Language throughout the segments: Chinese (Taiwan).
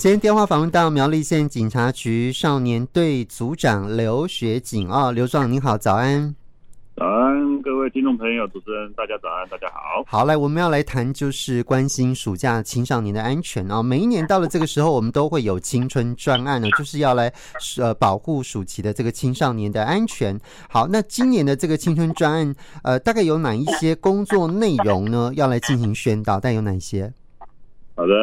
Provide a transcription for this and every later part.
先電話訪問到苗栗縣警察局少年隊組長劉學錦哦，劉壯您好，早安！早安，各位聽眾朋友，主持人，大家早安，大家好。好來，我們要來談就是關心暑假青少年的安全啊，哦。每一年到了這個時候，我們都會有青春專案呢，就是要來呃保護暑期的這個青少年的安全。好，那今年的這個青春專案，呃，大概有哪一些工作內容呢？要來進行宣導，大概有哪些？好的。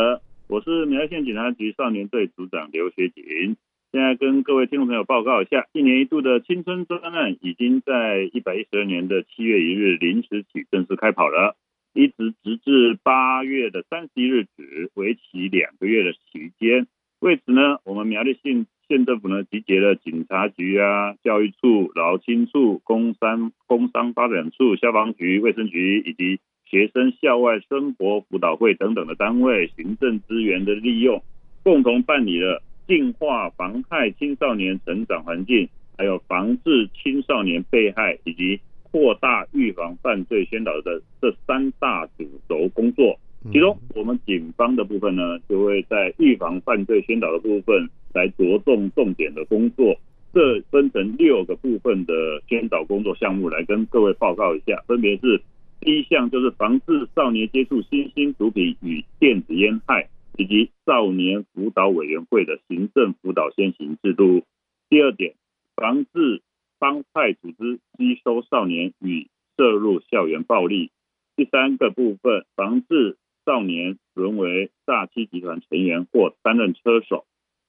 我是苗栗縣警察局少年隊組長劉學錦，現在跟各位聽眾朋友報告一下，一年一度的青春專案已經在一百一十二年的七月一日零時起正式開跑了，一直直至八月的三十一日止，為期兩個月的時間。為此呢，我們苗栗縣縣政府呢集結了警察局啊、教育處、勞青處、工商工商發展處、消防局、衛生局以及。學生校外生活輔導會等等的單位行政資源的利用，共同辦理了淨化妨害青少年成長環境，還有防治青少年被害以及擴大預防犯罪宣導的這三大主軸工作。其中我們警方的部分呢，就會在預防犯罪宣導的部分來着重重點的工作，這分成六個部分的宣導工作項目，來跟各位報告一下，分別是。第一項就是防治少年接觸新興毒品與電子菸害，以及少年輔導委員會的行政輔導先行制度。第二點，防治幫派組織吸收少年與涉入校園暴力。第三個部分，防治少年淪為詐欺集團成員或擔任車手。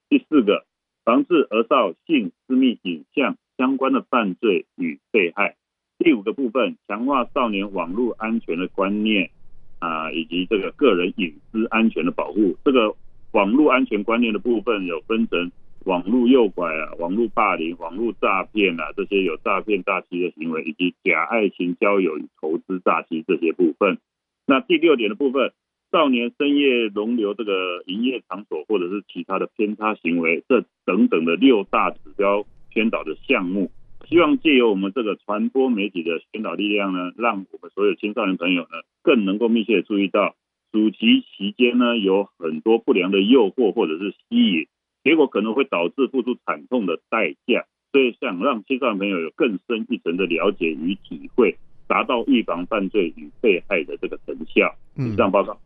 第四個，防治兒少性私密影像相關的犯罪與被害。第五個部分，強化少年網絡安全的觀念啊，以及這個個人隱私安全的保護。這個網絡安全觀念的部分有分成網絡誘拐啊、網絡霸凌、網絡詐騙啊這些有詐騙詐欺的行為，以及假愛情交友與投資詐欺這些部分。那第六點的部分，少年深夜容留這個營業場所或者是其他的偏差行為，這等等的六大指標宣導的項目。希望借由我們這個傳播媒體的宣導力量呢，讓我們所有青少年朋友呢，更能夠密切的注意到，暑期期間呢，有很多不良的誘惑或者是吸引，結果可能會導致付出慘痛的代價。所以想讓青少年朋友有更深一層的了解與體會，達到預防犯罪與被害的這個成效。以上報告。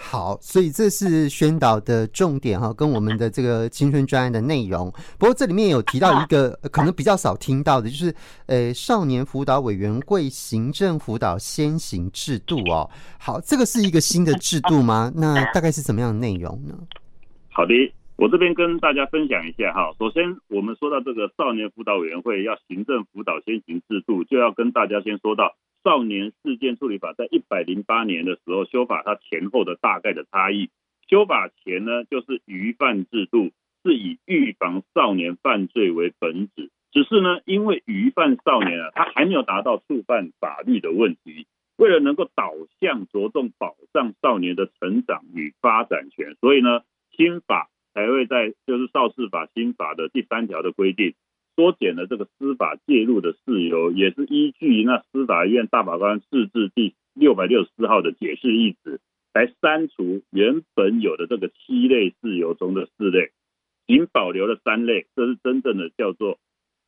好，所以這是宣導的重點哈、啊，跟我們的這個青春專案的內容。不過這裡面有提到一個可能比較少聽到的，就是誒少年輔導委員會行政輔導先行制度哦。好，這個是一個新的制度嗎？那大概是什麼樣的內容呢？好的。我這邊跟大家分享一下哈，首先我們說到這個少年輔導委員會要行政輔導先行制度，就要跟大家先說到少年事件處理法在一百零八年的時候修法，它前後的大概的差異。修法前呢就是虞犯制度，是以預防少年犯罪為本旨，只是呢因為虞犯少年啊，他還沒有達到觸犯法律的問題，為了能夠導向着重保障少年的成長與發展權，所以呢新法。還會在就是《少事法新法》的第三條的規定，縮減了這個司法介入的事由，也是依據那司法院大法官釋字第六百六十四號的解釋意旨，來刪除原本有的這個七類事由中的四類，僅保留了三類，這是真正的叫做。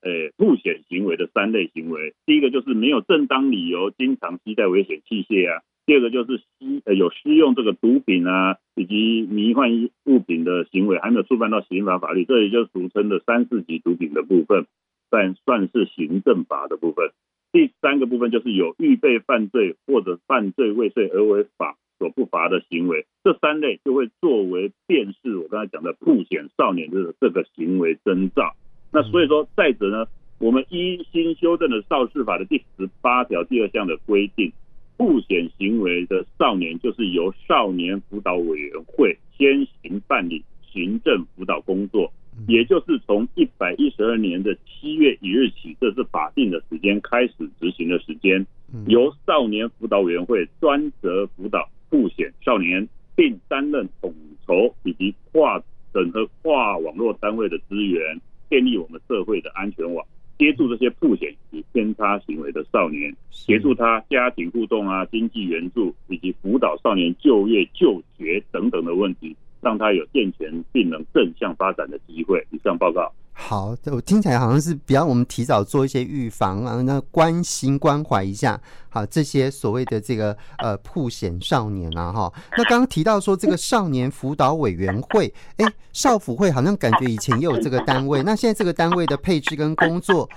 呃，曝險行為的三類行為，第一個就是沒有正當理由經常攜帶危險器械啊；第二個就是吸呃有施用這個毒品啊，以及迷幻物品的行為，還沒有觸犯到刑法法律，這也就俗稱的三四級毒品的部分，算算是行政法的部分。第三個部分就是有預備犯罪或者犯罪未遂而為法所不罰的行為，這三類就會作為辨識我剛才講的曝險少年的這個行為徵兆。那所以說，再者呢，我們依新修正的少事法的第十八條第二項的規定，曝險行為的少年，就是由少年輔導委員會先行辦理行政輔導工作。也就是從一百一十二年的七月一日起，這是法定的時間開始執行的時間。由少年輔導委員會專責輔導曝險少年，並擔任統籌以及跨整個跨網絡單位的資源。建立我們社會的安全網，接住這些曝險與偏差行為的少年，協助他家庭互動啊、經濟援助以及輔導少年就業、就學等等的問題，讓他有健全並能正向發展的機會。以上報告。好，我聽起來好像是比較我們提早做一些預防啊，那關心關懷一下，好，這些所謂的這個呃曝險少年啊哈。那剛剛提到說這個少年輔導委員會，哎少輔會好像感覺以前也有這個單位，那現在這個單位的配置跟工作，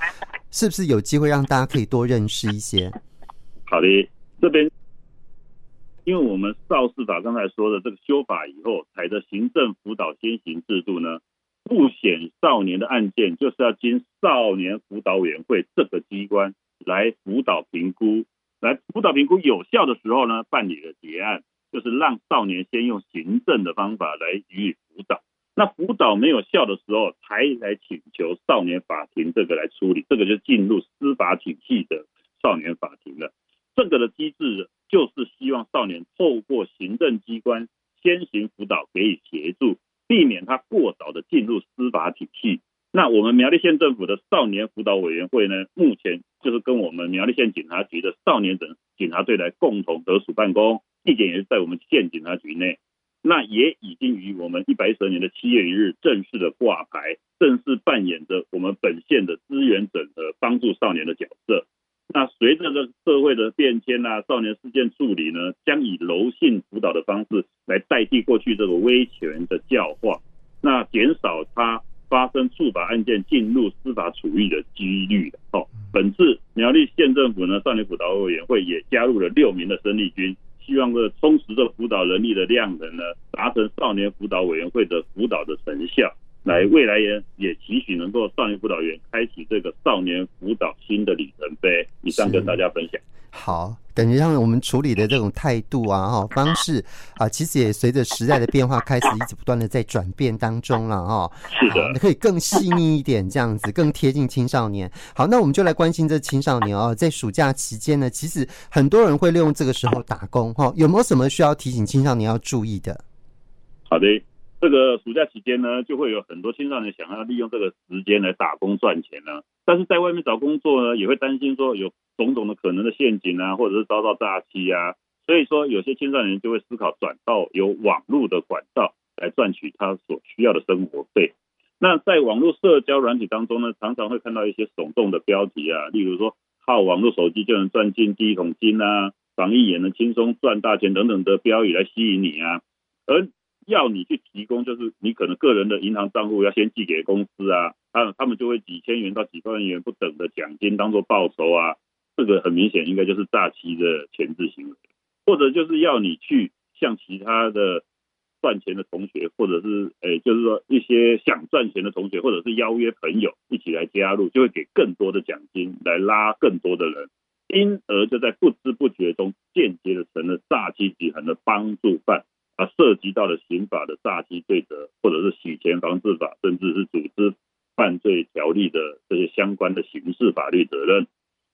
是不是有機會讓大家可以多認識一些？好的，這邊因為我們少事法剛才說的這個修法以後，採的行政輔導先行制度呢，曝險少年的案件，就是要經少年輔導委員會這個機關來輔導評估，來輔導評估有效的時候呢，辦理了結案，就是讓少年先用行政的方法來予以輔導。那輔導沒有效的時候，才來請求少年法庭這個來處理，這個就進入司法體系的少年法庭了。這個的機制就是希望少年透過行政機關先行輔導，給予協助。避免他過早的進入司法體系。那我們苗栗縣政府的少年輔導委員會呢，目前就是跟我們苗栗縣警察局的少年整警察隊來共同合署辦公，地點也是在我們縣警察局內。那也已經於我們一百一十二年的七月一日正式的掛牌，正式扮演着我們本縣的資源整合、幫助少年的角色。那隨着這個社會的變遷啊，少年事件處理呢，將以柔性輔導的方式來代替過去這個威權的教化，那減少他發生觸法案件進入司法處遇的幾率的。哈，哦，本次苗栗縣政府呢，少年輔導委員會也加入了六名的生力軍，希望這個充實這輔導能力的量能呢，達成少年輔導委員會的輔導的成效。來，未來也也期許能夠少年輔導員開啟這個少年輔導新的里程碑。以上跟大家分享。好，感覺上我們處理的這種態度啊、哈方式啊，其實也隨着時代的變化開始一直不斷的在轉變當中了哈。是的，你可以更細膩一點，這樣子更貼近青少年。好，那我們就來關心這青少年哦。在暑假期間呢，其實很多人會利用這個時候打工哈、哦。有沒有什麼需要提醒青少年要注意的？好的。這個暑假期間呢，就會有很多青少年想要利用這個時間來打工賺錢呢、啊。但是在外面找工作呢，也會擔心說有種種的可能的陷阱啊，或者是遭到詐欺啊。所以說，有些青少年就會思考轉到有網絡的管道來賺取他所需要的生活費。那在網絡社交軟體當中呢，常常會看到一些聳動的標題啊，例如說靠網絡手機就能賺進第一桶金啊，防疫也能輕鬆賺大錢等等的標語來吸引你啊，而。要你去提供，就是你可能個人的銀行賬戶要先寄給公司啊，他他們就會幾千元到幾萬元不等的獎金當做報酬啊，這個很明顯應該就是詐欺的前置行為，或者就是要你去向其他的賺錢的同學，或者是誒、欸、就是說一些想賺錢的同學，或者是邀約朋友一起來加入，就會給更多的獎金來拉更多的人，因而就在不知不覺中間接的成了詐欺集團的幫助犯。啊，涉及到了刑法的詐欺罪責，或者是洗錢防治法，甚至是組織犯罪條例的這些相關的刑事法律責任。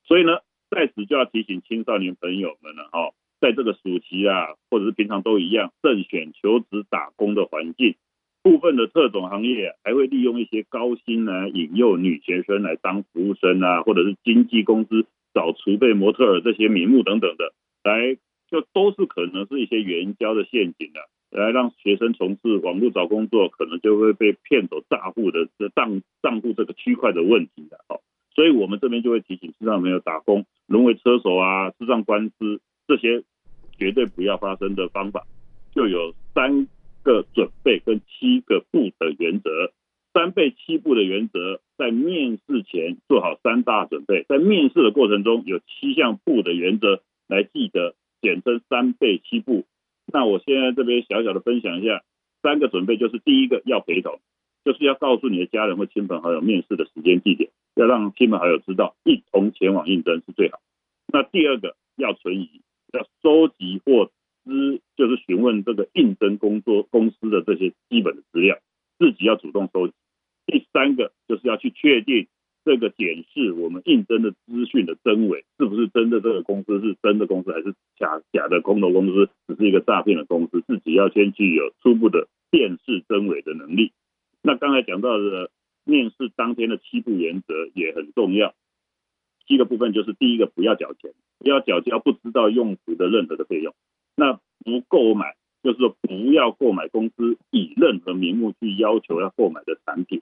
所以呢，在此就要提醒青少年朋友們了、啊、哈，在這個暑期啊，或者是平常都一樣，徵選、求職、打工的環境，部分的特種行業還會利用一些高薪來引誘女學生來當服務生啊，或者是經紀公司找儲備模特兒這些名目等等的來。就都是可能是一些援交的陷阱的、啊，來讓學生從事網絡找工作，可能就會被騙走賬戶的賬賬戶這個區塊的問題的、啊、哦。所以，我們這邊就會提醒市場朋友打工淪為車手啊、惹上官司這些絕對不要發生的方法，就有三個準備跟七個不的原則。三備七不的原則，在面試前做好三大準備，在面試的過程中有七項不的原則來記得。簡稱三倍七步。那我現在這邊小小的分享一下，三個準備就是：第一個要陪同，就是要告訴你的家人或親朋好友面試的時間、地點，要讓親朋好友知道一同前往應徵是最好。那第二個要存疑，要收集或知，就是詢問這個應徵工作公司的這些基本的資料，自己要主動收集。第三個就是要去確定。這個檢視我們應徵的資訊的真偽，是不是真的？這個公司是真的公司，還是假假的空頭公司？只是一個詐騙的公司，自己要先具有初步的辨識真偽的能力。那剛才講到的面試當天的七不原則也很重要。七個部分就是第一個，不要繳錢，不要繳交不知道用途的任何的費用。那不購買，就是說不要購買公司以任何名目去要求要購買的產品。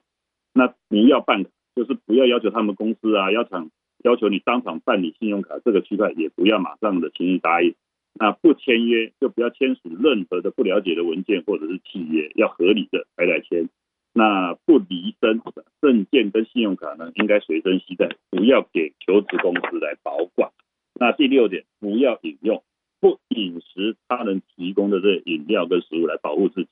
那你要辦。就是不要要求他們公司啊，要求要求你當場辦理信用卡這個區塊也不要馬上的輕易答應。那不簽約，就不要簽署任何的不了解的文件或者是契約，要合理的才來簽。那不離身證件跟信用卡呢，應該隨身攜帶，不要給求職公司來保管。那第六點，不要飲用不飲食他人提供的這飲料跟食物來保護自己。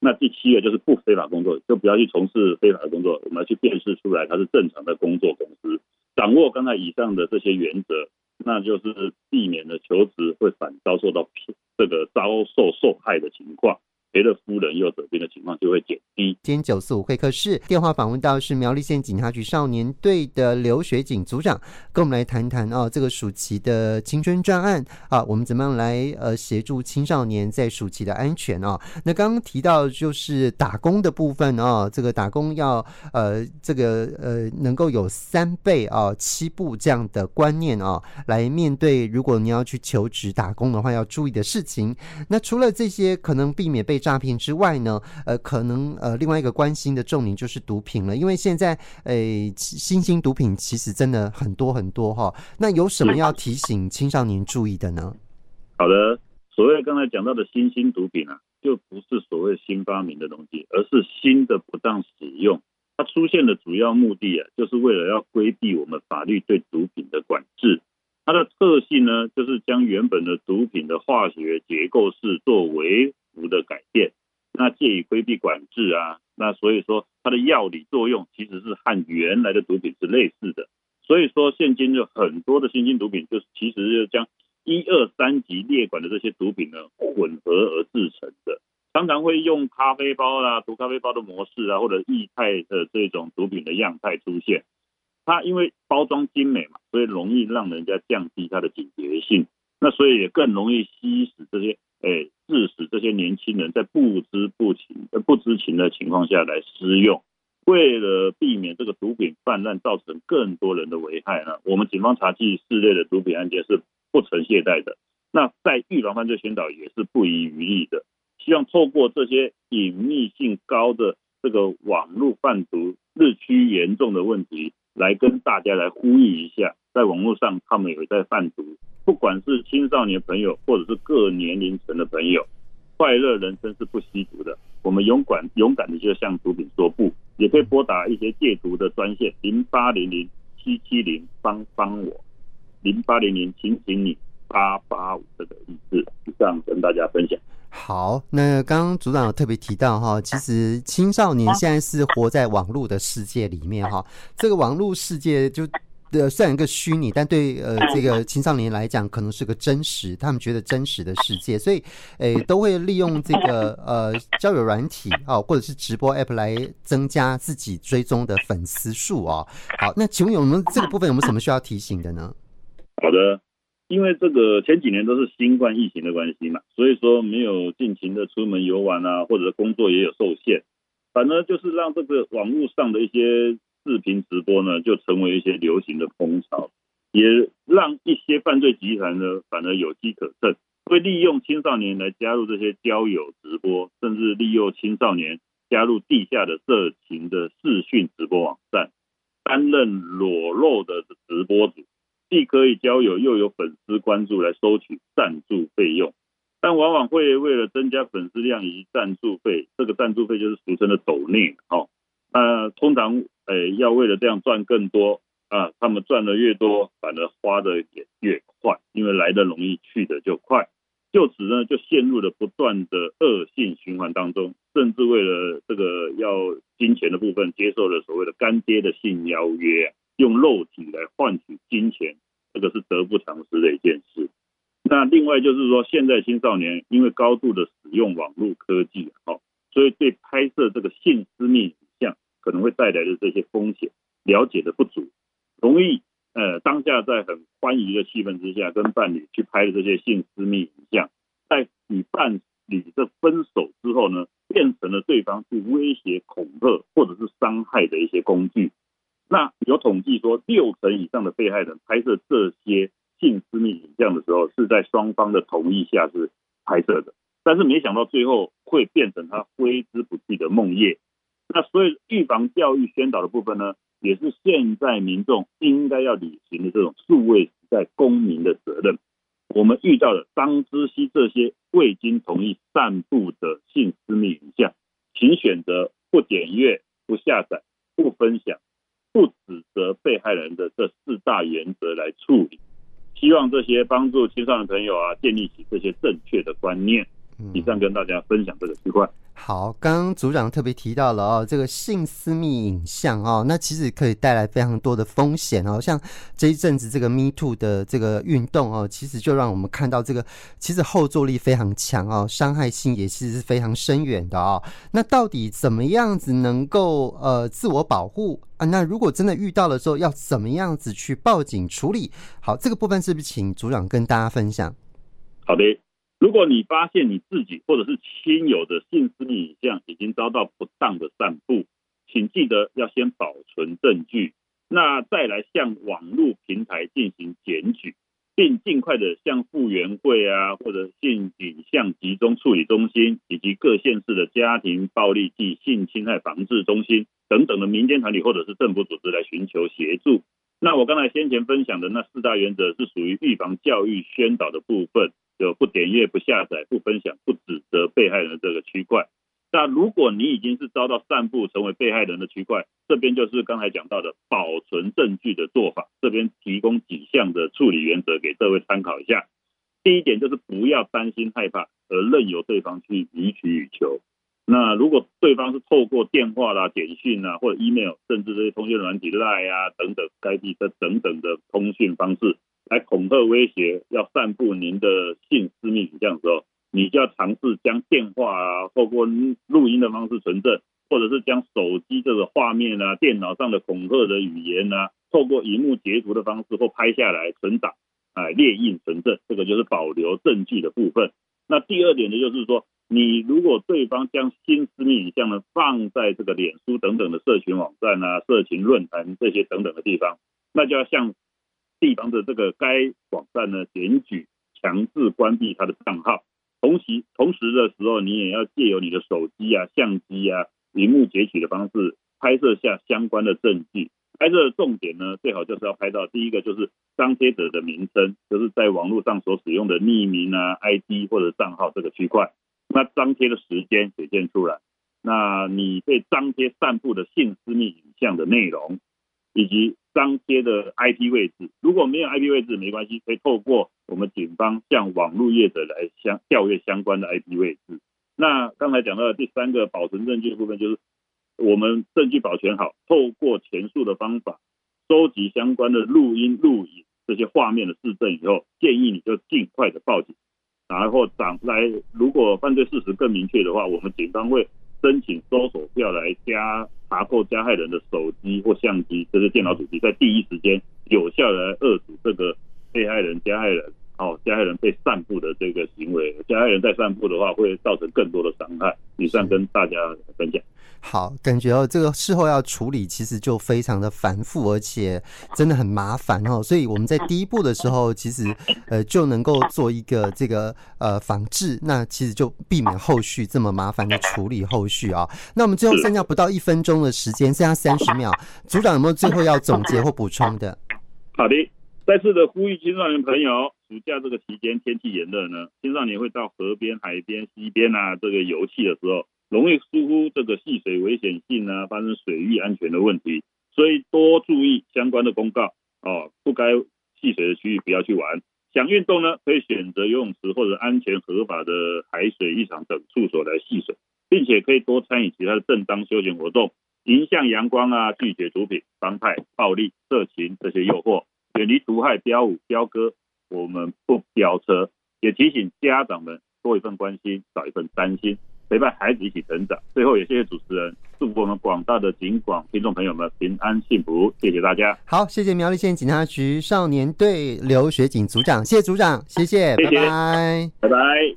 那第七個就是不非法工作，就不要去從事非法的工作。我們要去辨識出來它是正常的工作公司，掌握剛才以上的這些原則，那就是避免了求職會反遭受到這個遭受受害的情況。別的夫人右手邊的情況就會減低。今天九四五會客室電話訪問到是苗栗縣警察局少年隊的劉學錦組長，跟我們來談談哦，這個暑期的青春專案啊，我們怎麼樣來呃協助青少年在暑期的安全啊、哦？那剛剛提到就是打工的部分啊、哦，這個打工要呃這個呃能夠有三倍啊七步這樣的觀念啊、哦，來面對如果你要去求職打工的話要注意的事情。那除了這些，可能避免被詐騙之外呢，呃，可能呃，另外一個關心的重點就是毒品了，因為現在誒，新興毒品其實真的很多很多哈。那有什麼要提醒青少年注意的呢？好的，所謂剛才講到的新興毒品啊，就不是所謂新發明的東西，而是新的不當使用。它出現的主要目的啊，就是為了要規避我們法律對毒品的管制。它的特性呢，就是將原本的毒品的化學結構式作為。毒的改變，那借以規避管制啊，那所以說它的藥理作用其實是和原來的毒品是類似的，所以說現今有很多的新興毒品就是其實是將一二三級列管的這些毒品呢混合而制成的，常常會用咖啡包啊、毒咖啡包的模式啊或者液態的這種毒品的樣態出現，它因為包裝精美嘛，所以容易讓人家降低它的警覺性，那所以也更容易吸食這些。哎，致使這些年輕人在不知不情、呃不知情的情況下來施用。為了避免這個毒品泛濫造成更多人的危害呢，我們警方查緝室內的毒品案件是不曾懈怠的。那在預防犯罪宣導也是不遺餘力的。希望透過這些隱秘性高的這個網絡販毒日趨嚴重的問題，來跟大家來呼籲一下，在網絡上他們有在販毒。不管是青少年朋友，或者是各年齡層的朋友，快樂人生是不吸毒的。我們勇敢勇敢的，就向毒品說不。也可以撥打一些戒毒的專線，零八零零七七零，幫幫我。零八零零，請請你八八五，這個意思就這樣跟大家分享。好，那剛剛組長有特別提到哈，其實青少年現在是活在網絡的世界裡面哈，這個網絡世界就。的算一個虛擬，但對呃這個青少年來講，可能是個真實，他們覺得真實的世界，所以誒、欸、都會利用這個呃交友軟體啊，、哦，或者是直播 APP 來增加自己追蹤的粉絲數啊。好，那請問有沒有這個部分有沒有什麼需要提醒的呢？好的，因為這個前幾年都是新冠疫情的關係嘛，所以說沒有盡情的出門遊玩啊，或者工作也有受限，反而就是讓這個網絡上的一些。視頻直播呢，就成為一些流行的風潮，也讓一些犯罪集團呢，反而有機可乘，會利用青少年來加入這些交友直播，甚至利用青少年加入地下的色情的視訊直播網站，擔任裸露的直播主，既可以交友，又有粉絲關注來收取贊助費用，但往往會為了增加粉絲量以及贊助費，這個贊助費就是俗稱的斗內啊、哦呃、通常。呃、哎、要為了這樣賺更多啊，他們賺的越多，反而花的也越快，因為來的容易去的，就快，就此呢，就陷入了不斷的惡性循環當中，甚至為了這個要金錢的部分，接受了所謂的乾爹的性邀約，用肉體來換取金錢，這個是得不償失的一件事。那另外就是說，現在青少年因為高度的使用網絡科技哈，所以對拍攝這個性私密。可能會帶來的這些風險了解的不足，容易呃當下在很歡愉的氣氛之下跟伴侶去拍的這些性私密影像，在與伴侶的分手之後呢，變成了對方去威脅恐嚇或者是傷害的一些工具。那有統計說，六成以上的被害人拍攝這些性私密影像的時候是在雙方的同意下是拍攝的，但是沒想到最後會變成他揮之不去的夢魘。那所以，預防教育宣導的部分呢，也是現在民眾應該要履行的這種數位時代公民的責任。我們遇到的當知悉這些未經同意散布的性私密影像，請選擇不點閱、不下載、不分享、不指責被害人的這四大原則來處理。希望這些幫助青少年朋友啊，建立起這些正確的觀念。以上跟大家分享這個區塊。好，剛剛組長特別提到了哦，這個性私密影像哦，那其實可以帶來非常多的風險哦，像這一陣子這個 me too 的這個運動哦，其實就讓我們看到這個其實後坐力非常強哦，傷害性也其實是非常深遠的哦。那到底怎麼樣子能夠呃自我保護啊？那如果真的遇到了之後，要怎麼樣子去報警處理？好，這個部分是不是請組長跟大家分享？好的。如果你發現你自己或者是親友的性私密影像已經遭到不當的散布，請記得要先保存證據，那再來向網絡平台進行檢舉，並儘快的向婦援會啊，或者性影像集中處理中心，以及各縣市的家庭暴力暨性侵害防治中心等等的民間團體或者是政府組織來尋求協助。那我剛才先前分享的那四大原則是屬於預防教育宣導的部分。就不點閱、不下載、不分享、不指責被害人的這個區塊。那如果你已經是遭到散布成為被害人的區塊，這邊就是剛才講到的保存證據的做法。這邊提供幾項的處理原則給各位參考一下。第一點就是不要擔心害怕而任由對方去予取予求。那如果對方是透過電話啦、簡訊啊、或者 email，甚至這些通訊軟體 LINE 啊等等，該記的等等的通訊方式。來恐嚇威脅，要散布您的性私密影像的時候，你就要嘗試將電話啊，透過錄音的方式存證，或者是將手機這個畫面啊、電腦上的恐嚇的語言啊，透過螢幕截圖的方式或拍下來存檔，哎，列印存證，這個就是保留證據的部分。那第二點呢，就是說，你如果對方將性私密影像呢放在這個臉書等等的社群網站啊、社群論壇這些等等的地方，那就要向。地方的這個該網站呢，檢舉強制關閉他的賬號，同時同時的時候，你也要借由你的手機啊、相機啊、屏幕截取的方式拍攝下相關的證據。拍攝的重點呢，最好就是要拍到第一個就是張貼者的名稱，就是在網絡上所使用的匿名啊、ID 或者賬號這個區塊。那張貼的時間顯現出來。那你被張貼散布的性私密影像的內容，以及。當街的 IP 位置，如果沒有 IP 位置沒關係，可以透過我們警方向網絡業者來相調閱相關的 IP 位置。那剛才講到的第三個保存證據的部分，就是我們證據保全好，透過前述的方法收集相關的錄音、錄影這些畫面的質證以後，建議你就儘快的報警，然後展來。如果犯罪事實更明確的話，我們警方會申請搜索票來加，查扣加害人的手機或相機，這是電腦主機，在第一時間有效地遏止這個被害人加害人，哦，加害人被散布的這個行為，加害人在散布的話會造成更多的傷害。以上跟大家分享。好，感覺哦，這個事後要處理，其實就非常的繁複，而且真的很麻煩哦。所以我們在第一步的時候，其實呃就能夠做一個這個呃防治，那其實就避免後續這麼麻煩的處理後續啊、哦。那我們最後剩下不到一分鐘的時間，剩下三十秒，組長有沒有最後要總結或補充的？好的，再次的呼籲青少年朋友，暑假這個期間天氣炎熱呢，青少年會到河邊、海邊、溪邊啊，這個遊憩的時候。容易疏忽這個戲水危險性呢、啊，發生水域安全的問題，所以多注意相關的公告哦、啊，不該戲水的區域不要去玩。想運動呢，可以選擇游泳池或者安全合法的海水浴場等處所來戲水，並且可以多參與其他的正當休閒活動，迎向陽光啊，拒絕毒品、幫派、暴力、色情這些誘惑，遠離毒害，飆舞、飆歌，我們不飆車。也提醒家長們多一份關心，少一份擔心。陪伴孩子一起成長。最後也謝謝主持人，祝福我們廣大的警廣聽眾朋友們平安幸福。謝謝大家。好，謝謝苗栗縣警察局少年隊劉學錦組長，謝謝組長，謝謝，謝謝，拜拜，拜拜。拜拜。